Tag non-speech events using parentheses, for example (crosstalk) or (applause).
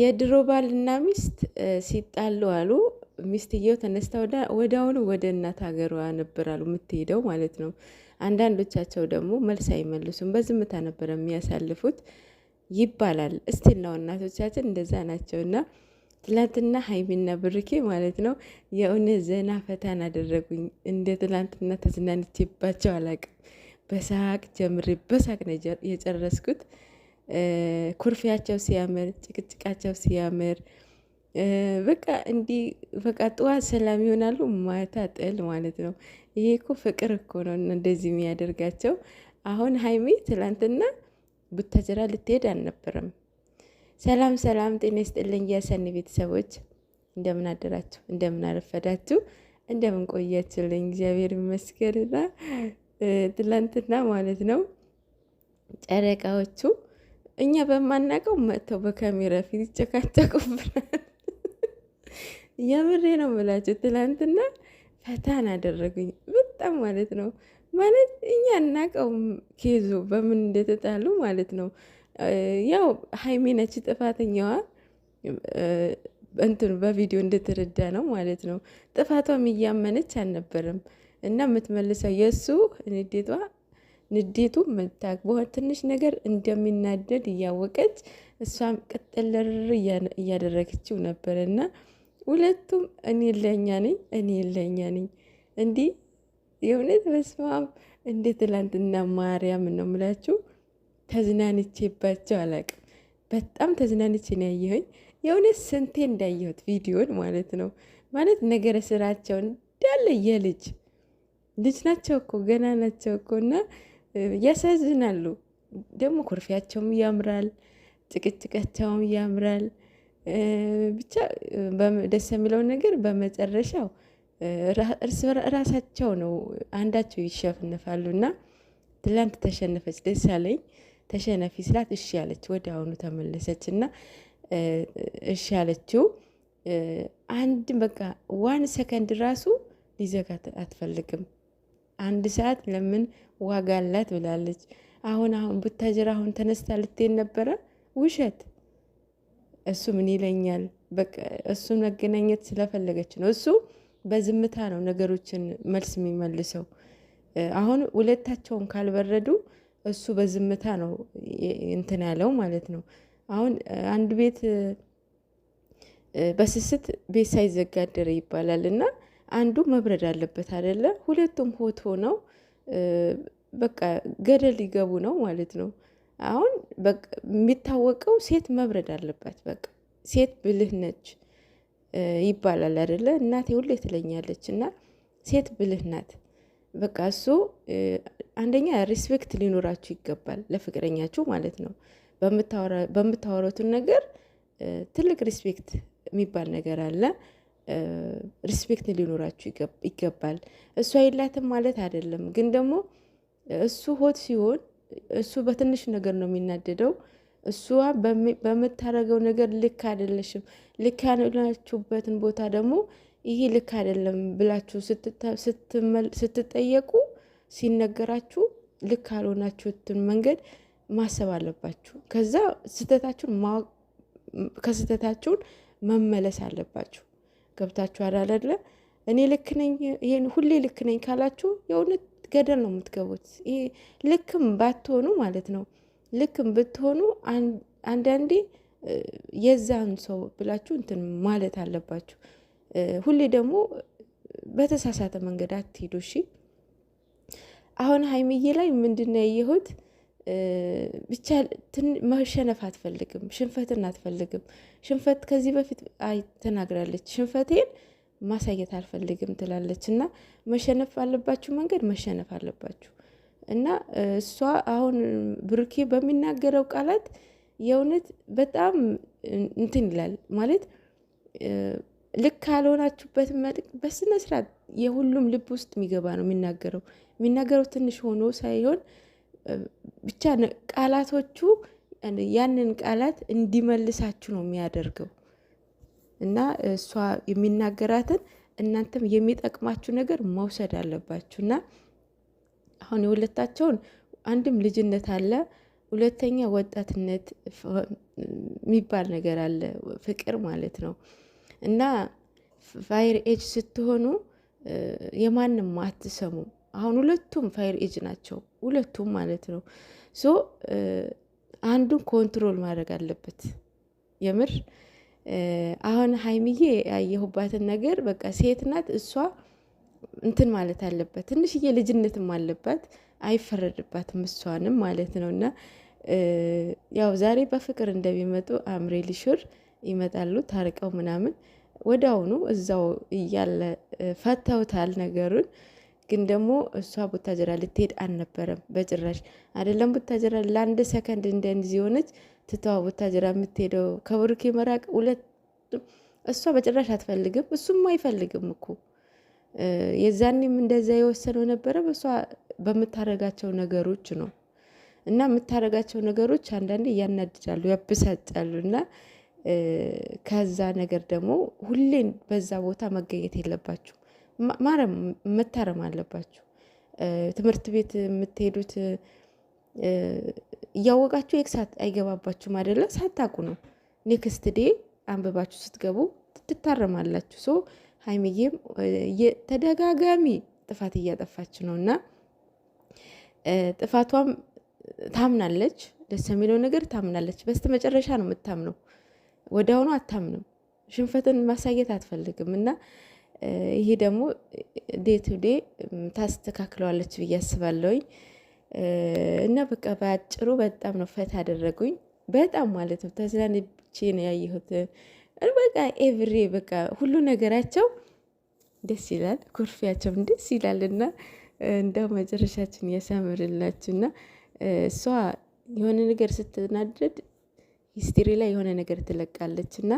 የድሮ ባልና ሚስት ሲጣሉ አሉ ሚስትየው ተነስታ ወዲያውኑ ወደ እናት ሀገሯ ነበር አሉ የምትሄደው ማለት ነው። አንዳንዶቻቸው ደግሞ መልስ አይመልሱም፣ በዝምታ ነበር የሚያሳልፉት ይባላል። እስቲ እናው እናቶቻችን እንደዛ ናቸው። እና ትላንትና ሀይሚና ብርኬ ማለት ነው የእውነት ዘና ፈታን አደረጉኝ። እንደ ትላንትና ተዝናንቼባቸው አላቅም። በሳቅ ጀምሬ በሳቅ ነው የጨረስኩት። ኩርፊያቸው ሲያምር፣ ጭቅጭቃቸው ሲያምር በቃ እንዲህ በቃ ጠዋት ሰላም ይሆናሉ፣ ማታ ጥል ማለት ነው። ይሄ እኮ ፍቅር እኮ ነው እንደዚህ የሚያደርጋቸው። አሁን ሀይሚ ትላንትና ቡታጀራ ልትሄድ አልነበረም። ሰላም ሰላም፣ ጤና ይስጥልኝ የሰኒ ቤተሰቦች እንደምን አደራችሁ፣ እንደምን አረፈዳችሁ፣ እንደምን ቆያችሁልኝ? እግዚአብሔር ይመስገንና ትላንትና ማለት ነው ጨረቃዎቹ እኛ በማናቀው መጥተው በካሜራ ፊት ይጨቃጨቁብናል። (laughs) የምሬ ነው የምላቸው። ትላንትና ፈታን አደረጉኝ በጣም ማለት ነው። ማለት እኛ እናውቀውም ኬዙ በምን እንደተጣሉ ማለት ነው። ያው ሀይሜ ነች ጥፋተኛዋ እንትን በቪዲዮ እንደተረዳ ነው ማለት ነው። ጥፋቷም እያመነች አልነበረም እና የምትመልሰው የእሱ ንዴቷ ንዴቱ መታክ በሆነ ትንሽ ነገር እንደሚናደድ እያወቀች እሷም ቀጠለር እያደረገችው ነበረ እና ሁለቱም እኔ ለኛ ነኝ እኔ ለኛ ነኝ እንዲህ የእውነት በስማም እንደ ትላንትና ማርያም ነው ምላችሁ ተዝናንቼባቸው አላቅም። በጣም ተዝናንቼ ነው ያየሁኝ። የእውነት ስንቴ እንዳየሁት ቪዲዮን ማለት ነው ማለት ነገረ ስራቸው እንዳለ የልጅ ልጅ ናቸው እኮ ገና ናቸው እኮ እና ያሳዝናሉ። ደግሞ ኩርፊያቸውም ያምራል፣ ጭቅጭቃቸውም ያምራል። ብቻ ደስ የሚለውን ነገር በመጨረሻው እርስ ራሳቸው ነው አንዳቸው ይሸንፋሉ። እና ትላንት ተሸነፈች ደስ አለኝ። ተሸነፊ ስላት እሺ አለች። ወደ አሁኑ ተመለሰች እና እሺ አለችው። አንድ በቃ ዋን ሰከንድ ራሱ ሊዘጋት አትፈልግም። አንድ ሰዓት ለምን ዋጋ አላት ብላለች። አሁን አሁን ቡታጅራ አሁን ተነስታ ልትሄድ ነበረ። ውሸት። እሱ ምን ይለኛል? በቃ እሱን መገናኘት ስለፈለገች ነው። እሱ በዝምታ ነው ነገሮችን መልስ የሚመልሰው። አሁን ሁለታቸውን ካልበረዱ እሱ በዝምታ ነው እንትን ያለው ማለት ነው። አሁን አንድ ቤት በስስት ቤት ሳይዘጋደር ይባላል እና አንዱ መብረድ አለበት አይደለ? ሁለቱም ሆት ሆነው በቃ ገደል ሊገቡ ነው ማለት ነው። አሁን የሚታወቀው ሴት መብረድ አለባት። በቃ ሴት ብልህ ነች ይባላል አይደለ? እናቴ ሁሌ ትለኛለች። እና ሴት ብልህ ናት። በቃ እሱ አንደኛ ሪስፔክት ሊኖራችሁ ይገባል፣ ለፍቅረኛችሁ ማለት ነው። በምታወሩትን ነገር ትልቅ ሪስፔክት የሚባል ነገር አለ። ሪስፔክት ሊኖራችሁ ይገባል። እሷ የላትም ማለት አይደለም፣ ግን ደግሞ እሱ ሆት ሲሆን እሱ በትንሽ ነገር ነው የሚናደደው። እሷ በምታደርገው ነገር ልክ አይደለሽም፣ ልክ ያላችሁበትን ቦታ ደግሞ ይህ ልክ አይደለም ብላችሁ ስትጠየቁ ሲነገራችሁ ልክ ያልሆናችሁትን መንገድ ማሰብ አለባችሁ። ከዛ ስህተታችሁን ከስህተታችሁን መመለስ አለባችሁ። ገብታችኋል አይደለ? እኔ ልክ ነኝ፣ ይሄን ሁሌ ልክ ነኝ ካላችሁ የእውነት ገደል ነው የምትገቡት። ይሄ ልክም ባትሆኑ ማለት ነው። ልክም ብትሆኑ አንዳንዴ የዛን ሰው ብላችሁ እንትን ማለት አለባችሁ። ሁሌ ደግሞ በተሳሳተ መንገድ አትሄዱ። እሺ አሁን ሀይሚዬ ላይ ምንድን ነው ያየሁት? ብቻ መሸነፍ አትፈልግም፣ ሽንፈትን አትፈልግም። ሽንፈት ከዚህ በፊት አይ ተናግራለች፣ ሽንፈቴን ማሳየት አልፈልግም ትላለች። እና መሸነፍ ባለባችሁ መንገድ መሸነፍ አለባችሁ። እና እሷ አሁን ብሩኬ በሚናገረው ቃላት የእውነት በጣም እንትን ይላል ማለት ልክ ካልሆናችሁበት መልክ በስነስርዓት የሁሉም ልብ ውስጥ የሚገባ ነው የሚናገረው የሚናገረው ትንሽ ሆኖ ሳይሆን ብቻ ቃላቶቹ ያንን ቃላት እንዲመልሳችሁ ነው የሚያደርገው እና እሷ የሚናገራትን እናንተም የሚጠቅማችሁ ነገር መውሰድ አለባችሁ እና አሁን የሁለታቸውን አንድም ልጅነት አለ፣ ሁለተኛ ወጣትነት የሚባል ነገር አለ፣ ፍቅር ማለት ነው እና ፋይር ኤጅ ስትሆኑ የማንም አትሰሙም። አሁን ሁለቱም ፋይር ኤጅ ናቸው፣ ሁለቱም ማለት ነው። ሶ አንዱን ኮንትሮል ማድረግ አለበት። የምር አሁን ሀይሚዬ ያየሁባትን ነገር በቃ ሴት ናት እሷ እንትን ማለት አለበት። ትንሽዬ ልጅነትም አለባት አይፈረድባትም፣ እሷንም ማለት ነው። እና ያው ዛሬ በፍቅር እንደሚመጡ አምሬ ሊሹር ይመጣሉ ታርቀው ምናምን ወደ አሁኑ እዛው እያለ ፈተውታል ነገሩን። ግን ደግሞ እሷ ቡታጀራ ልትሄድ አልነበረም በጭራሽ አይደለም። ቡታጀራ ለአንድ ሰከንድ እንደዚህ ሆነች ትተዋ ቡታጀራ የምትሄደው ከብሩኬ መራቅ ሁለት እሷ በጭራሽ አትፈልግም፣ እሱም አይፈልግም እኮ የዛኔም እንደዛ የወሰነው ነበረ። በእሷ በምታረጋቸው ነገሮች ነው እና የምታረጋቸው ነገሮች አንዳንዴ እያናድዳሉ፣ ያብሳጫሉ እና ከዛ ነገር ደግሞ ሁሌን በዛ ቦታ መገኘት የለባችሁ። ማረም መታረም አለባችሁ። ትምህርት ቤት የምትሄዱት እያወቃችሁ ኤክሳት አይገባባችሁም አይደለ? ሳታቁ ነው። ኔክስት ዴ አንብባችሁ ስትገቡ ትታረማላችሁ። ሶ ሀይሚዬም ተደጋጋሚ ጥፋት እያጠፋች ነው እና ጥፋቷም ታምናለች። ደስ የሚለው ነገር ታምናለች። በስተ መጨረሻ ነው የምታምነው፣ ወዲያውኑ አታምንም። ሽንፈትን ማሳየት አትፈልግም እና ይሄ ደግሞ ዴይ ቱ ዴይ ታስተካክለዋለች ብዬ አስባለሁኝ። እና በቃ በአጭሩ በጣም ነው ፈታ አደረጉኝ። በጣም ማለት ነው ተዝናንቼ ነው ያየሁት። በቃ ኤቭሬ በቃ ሁሉ ነገራቸው ደስ ይላል፣ ኩርፊያቸውም ደስ ይላል። እና እንደው መጨረሻችን እያሳምርላችሁ እና እሷ የሆነ ነገር ስትናደድ ሂስትሪ ላይ የሆነ ነገር ትለቃለች እና